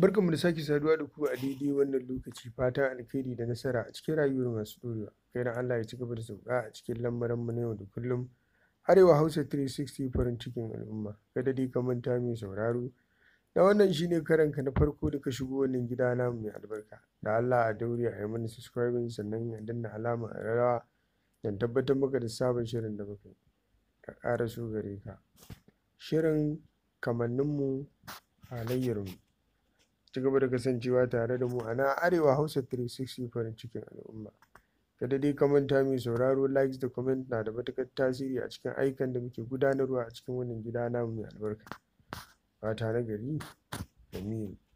mu da sake saduwa da ku a daidai wannan lokaci fatan alkhairi da nasara a cikin rayuwar masu kai na Allah ya ci gaba da sauka a cikin mu na yau da kullum. Arewa Hausa 360 farin cikin al'umma. da dai ka manta mai sauraro. Da wannan shine karan karanka na farko da ka shigo wannan gida mu mai albarka. Da Allah a daure a yi mana subscribe sannan a danna alama a rawa don tabbatar maka da sabon shirin da muka yi. Ka ƙara so gare ka. Shirin kamanninmu halayyarmu. ci gaba da kasancewa tare da mu a na arewa hausa 360 farin cikin al'umma kada dai ka manta mai sauraro likes da comment na da matukar tasiri a cikin aikan da muke gudanarwa a cikin wannan gida namu mai albarka fata na gari da